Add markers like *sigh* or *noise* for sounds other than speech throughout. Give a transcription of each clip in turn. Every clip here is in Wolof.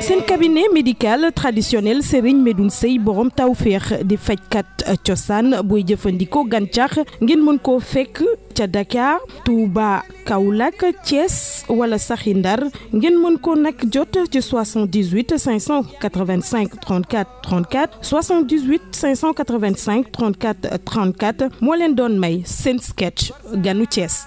seen cabinet médical traditionnel Serigne Medoun Sey borom De di fajkat cosaan booy jëfandikoo gantiax ngeen mën ko fekk ca Dakar Touba Kaolack Thiès wala Sakhindar ngeen ko jot ci 78 585 34 34 78 585 34 34 Moi, len don may sketch Ganou Thiès.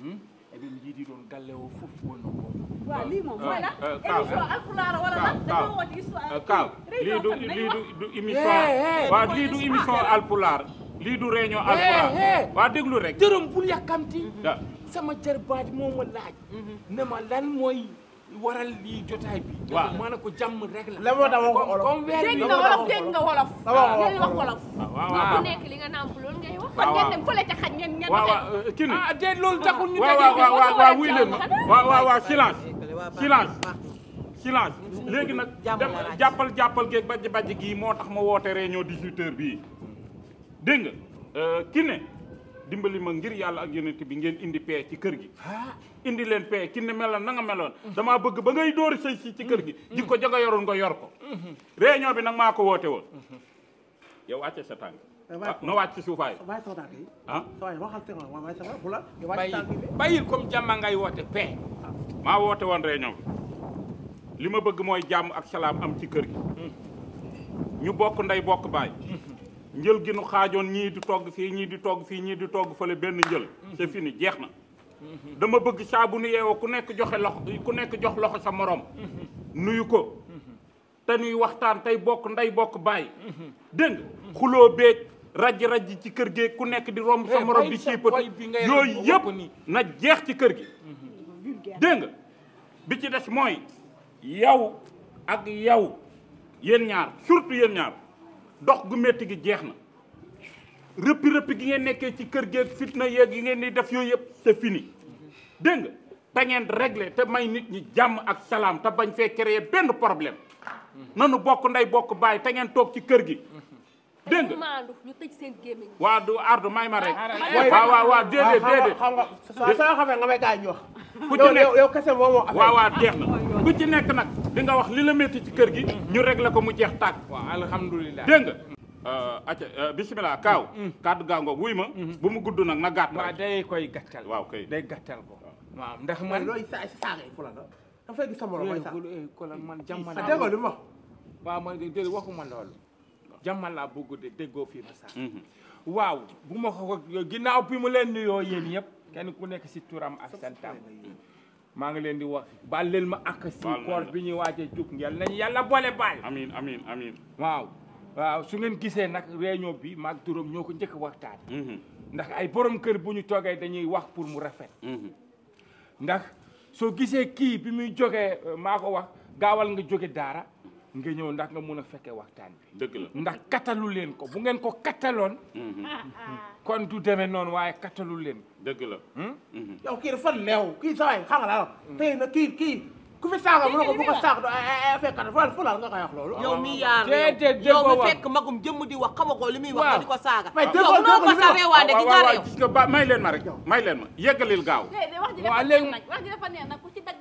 Hmm? ebe mi yidi don galle o fuf ko no ko wa eh, eh, eh. li mo wala e so akulara wala na te ko wati so a ka li do li do do imison wa li do imison alpular li do reunion alpular wa deglu rek jeurum bul yakamti ya. sama jer baaj mo mo laaj mhm. ne ma lan moy waral lii jotaay bi. waaw ma ko jàmm rek la. dégg nga wolof dégg nga wolof. ngeen wax wolof. waaw silence silence silence léegi nag dem jàppal jàppal geeg bàjj bàjj gii moo tax ma woote réunion 18h bii dégg nga euh, ne. dimbali ma ngir yàlla ak yonent bi ngeen indi paix ci kër gi ah. indi leen paix ki ne meloon na meloon dama bëgg ba ngay dóori say si ci kër gi mm-hmm. jikko ja nga yorul nga yor ko mm-hmm. réunion bi nag maa ko woote woon mm-hmm. yow wàcce sa tànk no eh, ah, wàcc ci suufaay ah bayil bayil comme jàmma ngay woote paix ah. maa woote woon réunion bi li ma bëgg mooy jàmm ak salaam am ci kër gi mm. ñu bokk nday bokk baay njël gi nu xaajoon ñii di togg fii ñii di togg fii ñii di togg fële benn njël fi fini jeex na dama bëgg saa bu nu yeewoo ku nekk joxe loxo ku nekk jox loxo sa moroom nuyu ko te nuy waxtaan tey bokk ndey bokk bàyyi dégg nga xuloo beej raj raj ci kër gi ku nekk di romb sa eh, moroom di siipati yooyu yëpp na jeex ci kër gi dégg bi ci des mooy yow ak yow yéen ñaar surtout yéen ñaar dox gu métti gi jeex na rëppi rëppi gi ngeen nekkee ci kër geeg fitna yeeg yi ngeen di def yooyu yëpp c'est fini dégg nga te ngeen réglé te may nit ñi jàmm ak salaam te bañ fee créer benn problème nanu bokk ndey bokk baay te ngeen toog ci kër gi dégg nga ñu tëj seen gémmiñ waa du ardu may ma rek waaw waaw waaw déedéet ah, déedéet xam nga soo xamee nga may gars wax ku ci nekk yow kese moom moo waaw waaw na ku ci nekk nag di nga wax li la métti ci kër gi ñu rek la ko mu jeex tàkk waaw alhamdulilah dégg nga euh, acca euh, bisimilah kaaw mm-hmm. kàddu gàngoog wuy ma mm-hmm. bu mu gudd nag na gàttal waaw day koy gàttal waaw kay day gàttal ko waaw ndax man looy sa saaga yi fula sa morom mooy sa ko eh, la man jàmm naa waaw man déedéet waxuma loolu jàmmal laa bëgg de déggoo fii ba sax mhm. waaw bu ma ko ginnaaw bi mu leen nuyoo yéen yëpp kenn ku nekk si turam ak santam maa ngi leen di wax baal leen ma ak si koor bi ñuy waaje jug ngel nañu yàlla boole baal amiin amiin amiin waaw waaw su ngeen gisee nag réunion bi maag turam ñoo ko njëkk waxtaan mhm. ndax ay boroom kër bu ñu toogee dañuy wax pour mu rafet mhm. ndax soo gisee kii bi muy jógee maa ko wax gaawal nga jóge daara nga ñëw ndax nga mun a fekkee waxtaan bi. dëgg a ndax kattalu leen ko bu ngeen ko kattaloon. Mhm. *laughs* kon du demee noonu waaye katalu leen. dëgg la. Hmm? Mhm. yow kii dafa neew kii saa yi na kii kii ku fi saaga mu ne ko bu ko saag doon eh, eh, eh, fekkat fa fa la nga koy wax loolu. yow mi yaar fekk magum jëmm di wax xama li muy wax di ko saaga. waaw sa reewaane gi nga reew. gis nga may leen ma rek may leen ma yeggalil gaaw. waaw léegi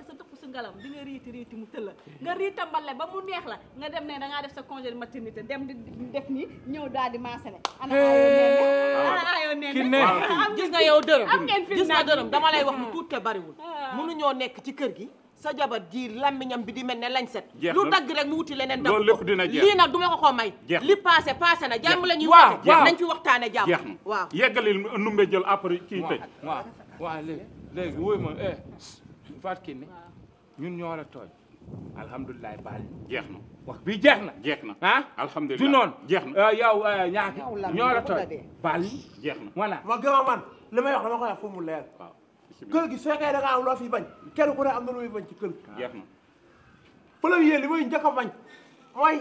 galam di nga riiti riiti mu ba mu neex la nga dem ne da ngaa def sa congé de maternité dem di daal di maasale ana aayoo nee ki ne nga yow dërëm am ngeen fi gis nga dërëm dama lay wax lu tuut te bariwul ah. mënuñoo nekk ci kër gi sa jabar ji làmmiñam bi di mel ne lañ set lu dagg rek mu wuti leneen dagg lépp dina jeex lii nag du ma ko ko may li passé passé na jàmm la ñuy wax nañ ci waxtaane jàmm waaw yeggalil numbe jël après kii tëj waaw waaw léegi léegi wuy ma eh Fatou Kiné ñun ñoo la tooñ alhamdulilah baal jeex na wax bi jeex na jeex na ah alhamdulilah du noonu jeex na yow ñaaki ñoo la tooñ baal jeex na voilà ma gëm a man li may wax dama koy wax fu mu leer waaw kër gi su fekkee da nga am loo fi bañ kenn ku ne am na lu muy bañ ci kër gi jeex na premier li muy njëkk a bañ mooy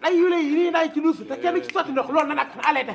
day yu lay yi nii day ci luus te kenn ci sotti ndox loolu na nag arrêté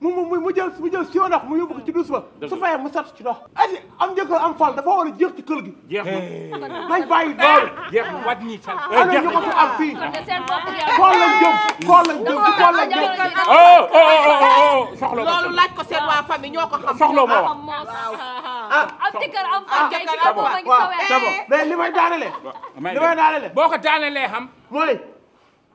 mu mu mu jël mu jël siwo ndox mu yóbbu ko ci duus ba su mu sat ci ndox asi am jëkkër am fal dafa war a jeex ci kër gi jeex eh. nañ bàyyi loolu jeex wat ñi sal eh, jeex ñu ko fi am fii kool lañ jëm kool lañ jëm ci kool lañ jëm oh oh oh, oh oh oh soxla loolu laaj ko seen waa famille ñoo ko xam soxla moo wax ah. am jëkkër am fal kay di ko ma ngi sawee mais li may daanale li may daanale boo ko daanalee xam mooy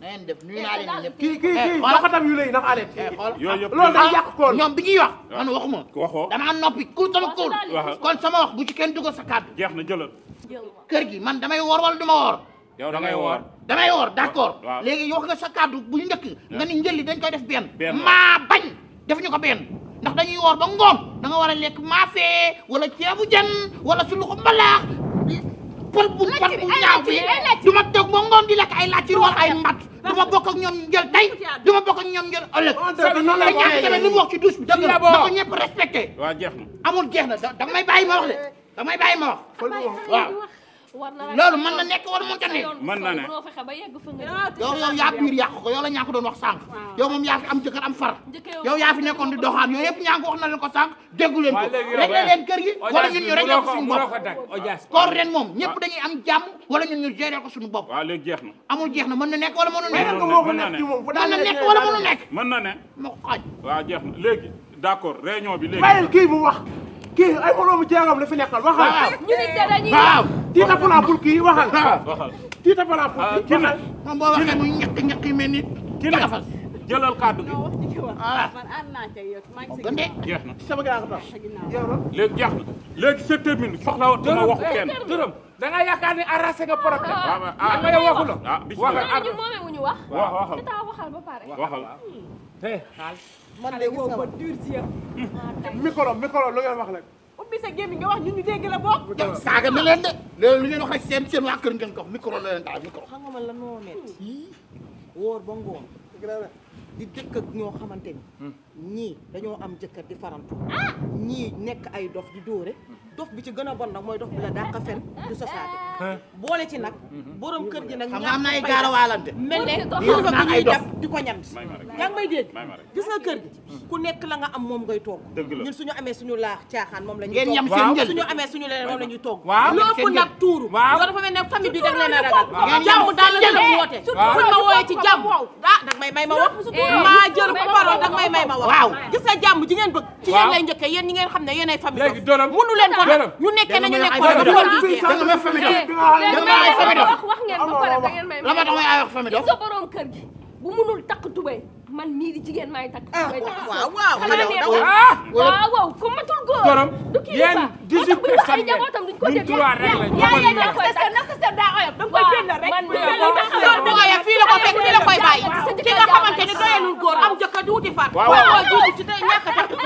na ngeen def nuyu naa leen ñëpp kii kii kii eh, doxatam yu lay ndax alet loolu day yàq kool ñoom bi ñuy wax ah, man waxuma waxoo damaa noppi ku sama kool kon sama wax bu ci kenn dugal sa kàddu jeex na jëlal kër gi man damay woor wala du ma woor yow da ngay woor damay woor d'accord léegi wax nga sa kàddu bu njëkk nga ni njëlli dañ koy def benn maa bañ def ñu ko benn ndax dañuy woor ba ngoon da nga war a lekk maafe wala ceebu jën wala suluxu mbalaax bon bu bon bu ñaaw bi du ma toog ba ngoon di lekk ay laajtir wala ay mat du ma bokk ak ñoom njël tey du ma bokk ak ñoom njël ëllëg. te ñaata tamit lu mu wax ci douche bi. dëgg la boo ko ñëpp respecté. waaw jeex amul jeex na da may bàyyi ma wax loolu mën na nekk war mënta ne mën na ne yow yow yaa piir yàq ko yow la ñaa ko doon wax sànq yow moom yaa fi am jëkkër am far yow yaa fi nekkoon di doxaan yooyu yëpp ñaa ngi wax na leen ko sànq déggu leen ko rek la leen kër gi wala ñun ñu rek ko suñu bopp koor ren moom ñëpp dañuy am jàmm wala ñun ñu gérer ko suñu bopp waaw léegi jeex na amul jeex na mën na nekk wala mënu nekk mën na nekk wala mënu nekk mën na ne ma ko xaaj waaw jeex na léegi d'accord réunion bi léegi bàyyil kii mu wax kii ay moroomu jeegam la fi nekkal waxal ñu nit dañuy waaw Tita pula apul ki wahal. Tita pula apul ki. Kina. Nombor wahal mu nyaki nyaki menit. Kina. Jalal kadu. Ah. Gende. Ya. ya. Siapa kira ya, ya. eh, ah, ah. ah. kita? Ya. Leg ya. Leg setiap minit. Fak lawat sama wak ken. Turum. Dengan ya kani arah sega porak. Ah. Apa yang wakul? Ah. Wahal. Ini mana unyu wah? Wahal. Kita wahal bapak. Wahal. Hei. Hal. Mandi wah. Berdiri. Mikro mikro loyal wahal. ubbi sa gémmiñ nga wax ñun ñu dégg la bokk. yow saaga na de. loolu lu ngeen wax ak seen seen waa kër ngeen ko wax micro la leen daal micro. xam nga man lan moo metti wóor ba ngoon. di dëkk ak ñoo xamante ni. Hmm. ñii dañoo am jëkkër di farantu. Ah! ñii nekk ay dof di dóore. Hmm. dof bi ci gën a bon nag mooy dof bi la dàq fen du sosaate boole ci nag borom kër gi nag na may dégg gis nga kër gi ku nekk la nga am moom ngay toog ñun suñu amee suñu laax caaxaan moom la ñuy toog suñu amee suñu leneen moom la ñuy toog lépp nag tuuru yoo dafa mel ne famille bi daf leen a ragal jàmm daal la la woote buñ ma wooyee ci jàmm ah dag may may ma wax maa jël ko parole dag may may ma wax gis nga jàmm ji ngeen bëgg ci yéen lay njëkkee yéen ñi ngeen xam ne yéen ay famille mënu leen ko nag ñu nekkee nañu nekkoon ba mu ngi da nga may famille dof da nga may famille dof wax ngeen ba pare da ngeen may la ma tax may ay wax famille dof sa borom kër gi bu munul takk tubay man mii di jigéen maay takk ah, tubay takk ah, waaw waaw waaw waaw ko matul góor du kii yéen 18 personnes ngeen ñun trois rek lañu yaa yaa nak sa nak sa daa oyof da nga koy benn rek sor da oyof fii la ko fekk fii la koy bàyyi ki nga xamante ni doyalul góor am jëkkër di wuti faat waaw waaw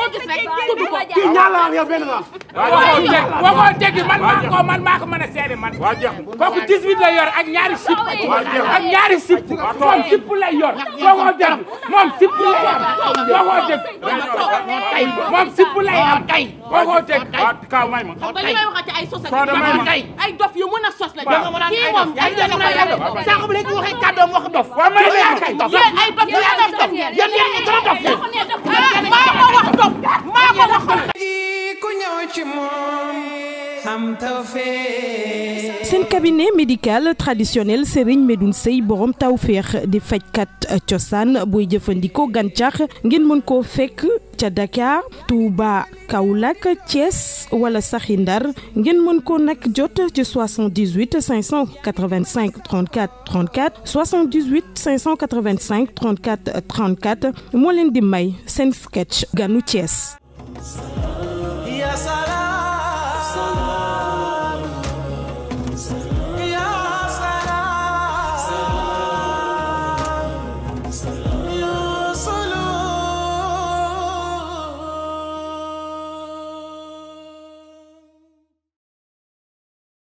boo gis rek tudd ko kii ñaar la yow benn la. boo ko dégg man maa ko man maa ko mën a seede man. kooku 18 la yor ak ñaari sip. ak ñaari sip moom sip lay yor boo ko dégg moom sip lay yor boo ko dégg moom sip lay yor kay boo ko dégg. kaw may ma xam nga li may waxaat ci ay sos ay dof yu mën a sos la kii moom ay dof la yor saako bi léegi waxee kàddoom wax dof. waaw may la kay dof yéen ay dof yéen dof yéen yéen dof maa ko wax doom maa ko wax. ku ñëw ci moom. Sen cabinet médical traditionnel Serigne Medoun Sey borom tawféex di fajkat cosaan booy jëfandikoo gantiax ngeen mën ko fekk ca Dakar Touba Kaolack Thiès wala Sakhindar Ndar ngeen mën ko nak jot ci 78 585 34 34 78 585 34 34 mo leen di may sen sketch ganu Thiès.